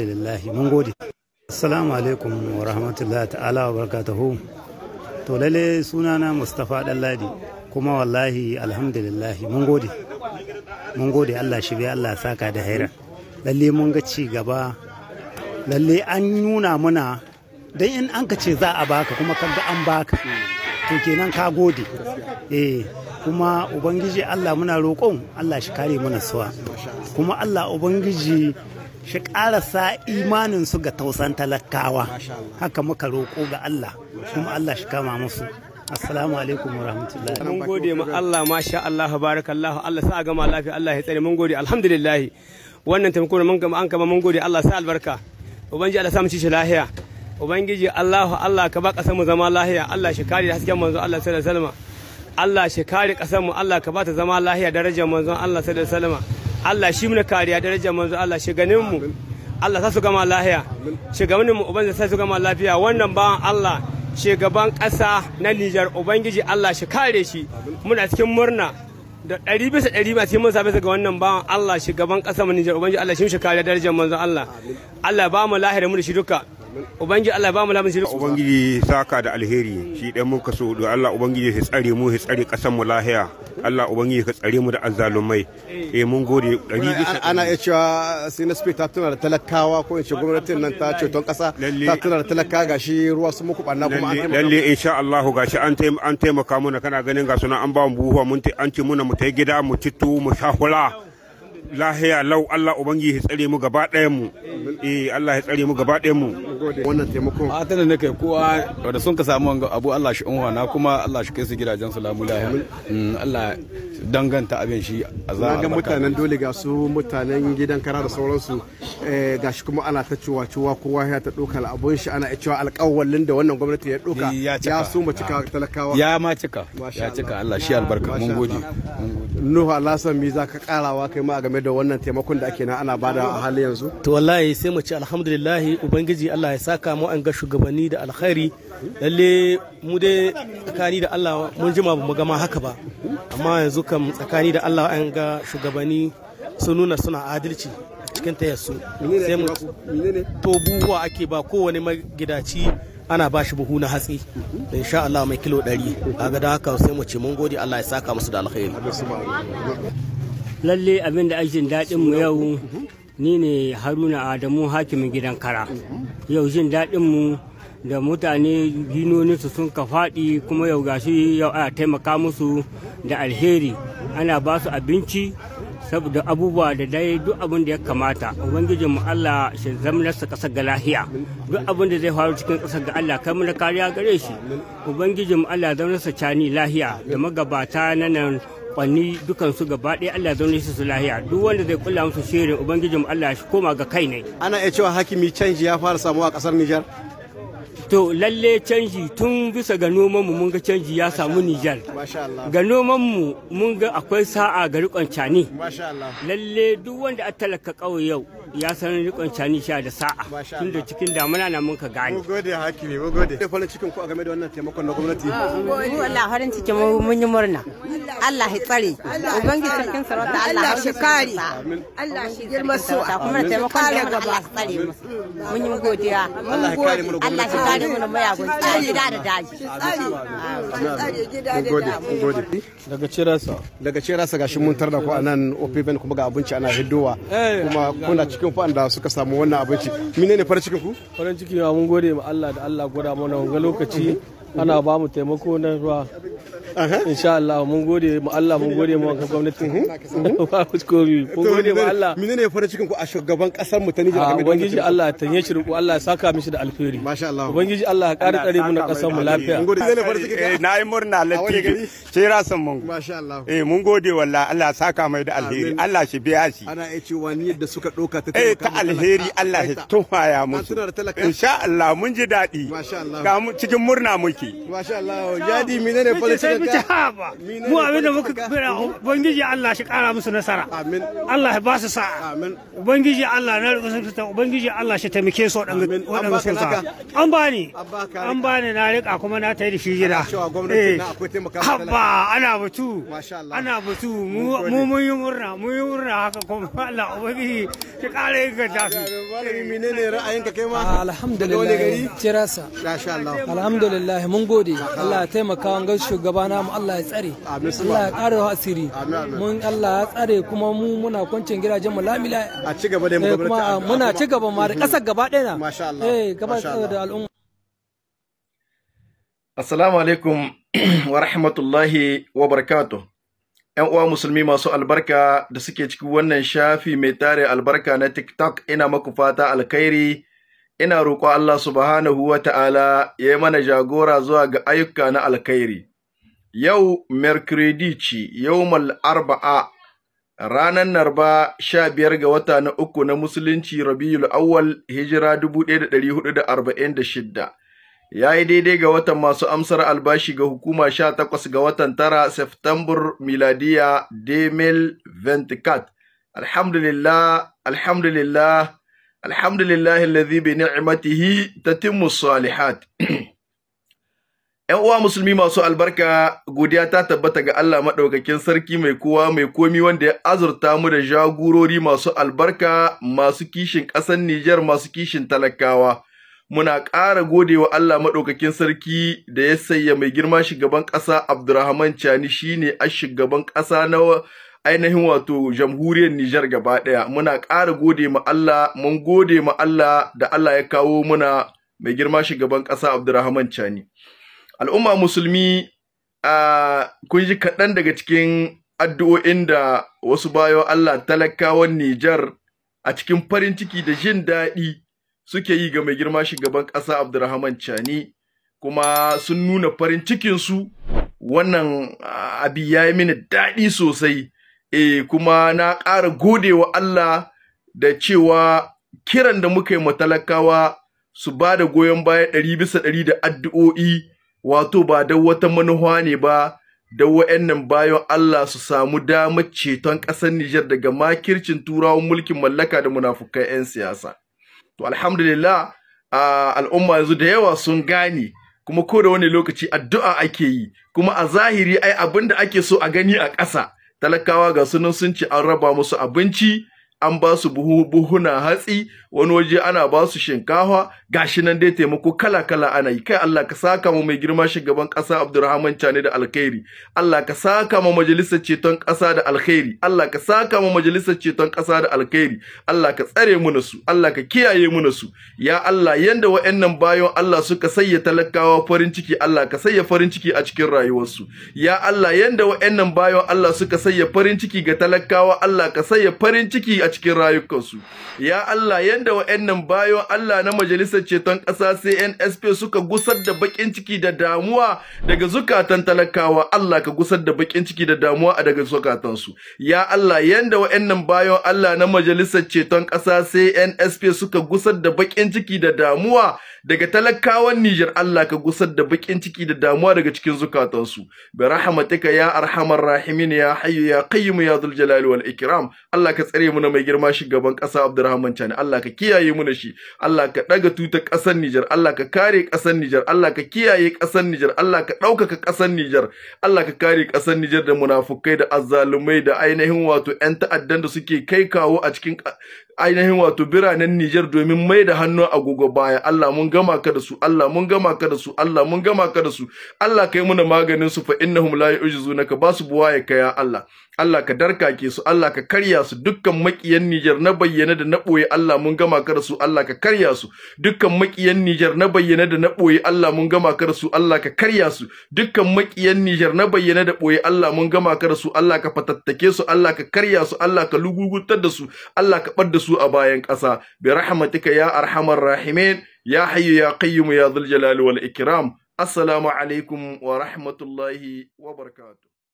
alhamdulillah mun gode assalamu alaikum wa rahmatullah ta'ala wa barakatuhu to lalle sunana mustapha dalladi kuma wallahi alhamdulillah mun gode mun gode allah shi bai allah saka da haira lalle mun ga ci gaba lalle an nuna muna don in an ka ce za a baka kuma ka ga an baka to kenan ka gode eh kuma ubangiji allah muna roƙon allah shi kare mana suwa kuma allah ubangiji shi ƙarasa imaninsu ga tausan talakawa haka muka roƙo ga Allah kuma Allah shi kama musu assalamu alaikum wa rahmatullahi mun gode ma Allah masha Allah barakallahu Allah sa gama lafiya Allah ya tsare mun gode alhamdulillah wannan taimako mun gama an kama mun gode Allah sa albarka ubangiji Allah sa mu ci shi lahiya ubangiji Allah Allah ka ba kasar mu zama lahiya Allah shi kare hasken manzo Allah sallallahu alaihi wasallam Allah shi kare kasar mu Allah ka ba ta zama lahiya darajar manzo Allah sallallahu alaihi wasallam Allah shi muna kariya rajin manzo Allah shi ganin mu Allah sa su gama lafiya shugaban mu ubangiji sa su gama lafiya wannan ba Allah gaban ƙasa na Nijar ubangiji Allah shi kare shi muna cikin murna da ɗari bisa ɗari sai cikin musa bisa ga wannan bawan Allah gaban ƙasa mu Nijar ubangiji Allah shi mu shi kariya darajar manzo Allah Allah ba mu lahiya mu da shi duka Ubangiji Allah ba mu lamun sirri. Ubangiji saka da alheri shi dan muka so da Allah Ubangiji ya tsare mu ya tsare kasar mu lahiya. Allah Ubangiji ya tsare mu da azzalumai. Eh mun gode dari bisa. Ana iya cewa Sinaspe ta tuna da talakawa ko in gwamnatin nan ta ceton kasa ta tuna da talakawa gashi ruwa su muku banna kuma an Lalle insha Allah gashi an taimaka mana kana ganin ga sunan an ba mu buhuwa mun an ce muna mu ta gida mu tittu mu sha lahiya lau Allah ubangi ya tsare mu gaba ɗayan mu eh Allah ya tsare mu gaba ɗayan mu wannan taimakon a tana kai kowa da sun ka samu abu Allah shi unwa na kuma Allah shi kai su gidajen su lamu lahiya mm, Allah danganta abin shi a za ga mutanen dole ga su mutanen gidan kara da sauransu eh, ga shi kuma ana ta cewa cewa kowa ya ta ɗauka abun shi ana cewa alƙawalin da wannan gwamnati ya ɗauka ya su mu cika talakawa ya ma cika ya cika Allah shi albarka mun gode Nuhu Alhassan mi za ka karawa kai ma game da wannan taimakon da ake na ana bada a halin yanzu? To wallahi sai mu ce alhamdulillah ubangiji Allah ya saka mu an ga shugabanni da alkhairi lalle mu dai tsakani da Allah mun jima ba mu gama haka ba amma yanzu kam tsakani da Allah an ga shugabanni sun nuna suna adalci cikin tayarsu sai mu to buwa ake ba kowane magidaci ana ba shi buhu na hatsi da insha Allah mai kilo 100 ga da haka sai mu ce mun gode Allah ya saka musu da alkhairi lalle abin da ake daɗin mu yau ni ne haruna adamu hakimin gidan kara yau jin daɗin mu da mutane ginoninsu sun ka faɗi kuma yau gashi yau ana taimaka musu da alheri ana ba su abinci saboda abubuwa da dai duk abin da ya kamata ubangijin mu Allah shi zamnarsa kasar ga lahiya duk abin da zai faru cikin kasar ga Allah kai mana kariya gare shi ubangijin mu Allah zamnarsa cani lahiya da magabata na nan kwanni dukan su gaba ɗaya Allah zaune su su lahiya duk wanda zai kula musu shirin ubangijin Allah shi koma ga kai ne ana iya cewa hakimi canji ya fara samuwa a kasar Nijar to lalle canji tun bisa ga nomanmu mun ga canji ya samu Nijar. Ga nomanmu mun ga akwai sa'a ga rikon cani. Lalle duk wanda a talaka ƙauye yau ya san rikon cani sha da sa'a tun da cikin damuna na mun ka gane. Mu gode hakimi mu gode. Da farin cikin ku a game da wannan taimakon na gwamnati. Ah, mu Allah farin ciki mun yi murna. Allah ya tsare. Ubangiji cikin sarauta Allah ya shekari. Allah shi girma su. Kuma taimakon da Allah ya tsare mu. Mun yi godiya. Allah gode. mu Allah ya kare mu da mayagun. Tsare da da daji. Tsare gida da Mun Gode. Daga cirasa. Daga cirasa gashi mun tarda ku a nan OPBN kuma ga abinci ana hiddowa. Eh. Kuma kuna cikin cikin waɗanda suka samu wannan abinci ne farin cikin ku farin ciki mun gode ma Allah da Allah gwada mana wanga lokaci ana ba mu taimako na ruwa insha Allah mun gode mu Allah mun gode mu wanka gwamnatin mhm. Mhm. ba ku kori mun gode mu Allah ne fara cikin ku a shugaban kasar mu ta Niger game ah, ubangiji Allah ta yi shirku Allah ya saka mishi da alheri masha Allah ubangiji Allah ya kare tsare mu na kasar mu lafiya mun gode cikin eh, na yi murna latifi ce rasan mun masha Allah eh mun gode walla Allah ya saka mai da alheri Allah shi biya shi ana yi ci ni yadda suka doka ta eh, ta alheri Allah ya tuhaya musu insha Allah mun ji daɗi ga cikin murna muke yake masha Allah jadi menene political ka mu abin muka kira ubangiji Allah shi kara musu nasara amin Allah ya ba su amin ubangiji Allah na ta ubangiji Allah shi taimake su waɗanda sun sa an bani an bani na rika kuma na tayi shi gida eh. habba ana batu ana batu mu mun yi murna mun yi murna haka kuma Allah ubangiji shi kara yin gata su menene ra'ayinka kai ma ah, alhamdulillah tirasa alhamdulillah mun gode Allah ya taimaka wanga shugaba na mu Allah ya tsare Allah ya ƙara asiri mun Allah ya tsare kuma mu muna kwancin gidajen mu lamila a ci gaba da mu eh, muna ci gaba ma da mm-hmm. ƙasar gaba ɗaya na masha Allah eh gaba da al'umma Assalamu alaikum wa rahmatullahi wa barakatuh ‘Yan uwa musulmi masu albarka da suke cikin wannan shafi mai tare albarka na TikTok ina maku fata alkhairi ina roƙo Allah subhanahu wa ta'ala ya yi mana jagora zuwa ga ayyuka na alkhairi. Yau Mercredici, yau arba'a ranar narba sha biyar ga wata na uku na Musulunci Rabiul Awwal hijira dubu ɗaya da ɗari hudu da arba'in da shidda. Ya yi daidai ga watan masu amsar albashi ga hukuma sha takwas ga watan tara Seftambur, miladiya Demel Ventikat. Alhamdulillah, alhamdulillah, alhamdulillahi alladhi bi ni'matihi tatimmu salihat ƴan uwa musulmi masu albarka godiya ta tabbata ga Allah maɗaukakin sarki mai kowa mai komi wanda ya azurta mu da jagorori masu albarka masu kishin ƙasar Nijar masu kishin talakawa muna ƙara godewa Allah maɗaukakin sarki da ya sayya mai girma shugaban ƙasa Abdurrahman Chani shine a shugaban ƙasa na ainihin wato jamhuriyar Nijar gaba ɗaya muna ƙara gode ma Allah mun gode ma Allah da Allah ya kawo muna mai girma shugaban ƙasa Abdurrahman Chani al'umma musulmi a kun ji kaɗan daga cikin addu'o'in da wasu bayo Allah talakawan Nijar a cikin farin ciki da jin daɗi suke yi ga mai girma shugaban ƙasa Abdurrahman Chani kuma sun nuna farin cikinsu wannan abi ya yi mini daɗi sosai e kuma na ƙara gode wa Allah da cewa kiran da muka yi matalakawa su ba da goyon baya ɗari bisa ɗari da addu'o'i wato ba da wata manuwa ne ba da wa'annan bayan Allah su samu damar ceton ƙasar Nijar daga makircin turawan mulkin mallaka da munafukan 'yan siyasa. To alhamdulillah al'umma yanzu da yawa sun gane kuma ko da wani lokaci addu'a ake yi kuma a zahiri ai abin da ake so a gani a ƙasa. talakawa ga sunan sun ci an raba musu abinci an ba su buhuna hatsi wani waje ana ba su shinkafa gashi nan dai taimako kala kala ana yi kai Allah ka saka mu mai girma shugaban kasa Abdulrahman Chani da alkhairi Allah ka saka mu majalisar ceton kasa da alkhairi Allah ka saka mu majalisar ceton kasa da alkhairi Allah ka tsare mu su Allah ka kiyaye mu su ya Allah yanda wa'annan bayon Allah suka sayya talakawa farin ciki Allah ka sayya farin ciki a cikin rayuwarsu ya Allah yanda wa'annan bayon Allah suka sayya farin ciki ga talakawa Allah ka sayya farin ciki a cikin rayukansu ya Allah yanda wa'annan bayan Allah na majalisar ceton ƙasa CNSP suka gusar da bakin ciki da damuwa daga zukatan talakawa Allah ka gusar da bakin ciki da damuwa a daga zukatansu ya Allah yanda wa'annan bayan Allah na majalisar ceton ƙasa CNSP suka gusar da bakin ciki da damuwa daga talakawan Nijar Allah ka gusar da bakin ciki da damuwa daga cikin zukatansu bi rahmatika ya arhamar rahimin ya hayyu ya qayyim ya dhul jalali wal ikram Allah ka tsare mu na mai girma shugaban ƙasa Abdulrahman Chani Allah ka kiyaye mu da shi Allah ka daga tutar ƙasar Nijar. Allah ka kare ƙasar Nijar. Allah ka kiyaye ƙasar Nijar. Allah ka ɗaukaka ƙasar Nijar. Allah ka kare ƙasar Nijar da munafukai da azzalumai da ainihin wato 'yan ta'addan da suke kai kawo a cikin ainihin wato biranen Nijar domin mai da hannu agogo baya Allah mun gama ka da su Allah mun gama ka da su Allah mun gama ka da su Allah kai muna maganin su fa innahum la yu'jizunaka basu buwaye ka ya Allah Allah ka darkake su Allah ka karya su dukkan makiyan Nijar na bayyana da na boye Allah mun gama ka da su Allah ka karya su dukkan makiyan Nijar na bayyana da na boye Allah mun gama ka da su Allah ka karya su dukkan makiyan Nijar na bayyana da boye Allah mun gama ka da su Allah ka fatattake su Allah ka karya su Allah ka lugugutar da su Allah ka bar da su su a bayan ƙasa bi rahmatika ya arhamar rahimin ya hayyu ya qayyum ya dhul jalali wal ikram assalamu alaikum wa rahmatullahi wa barakatuh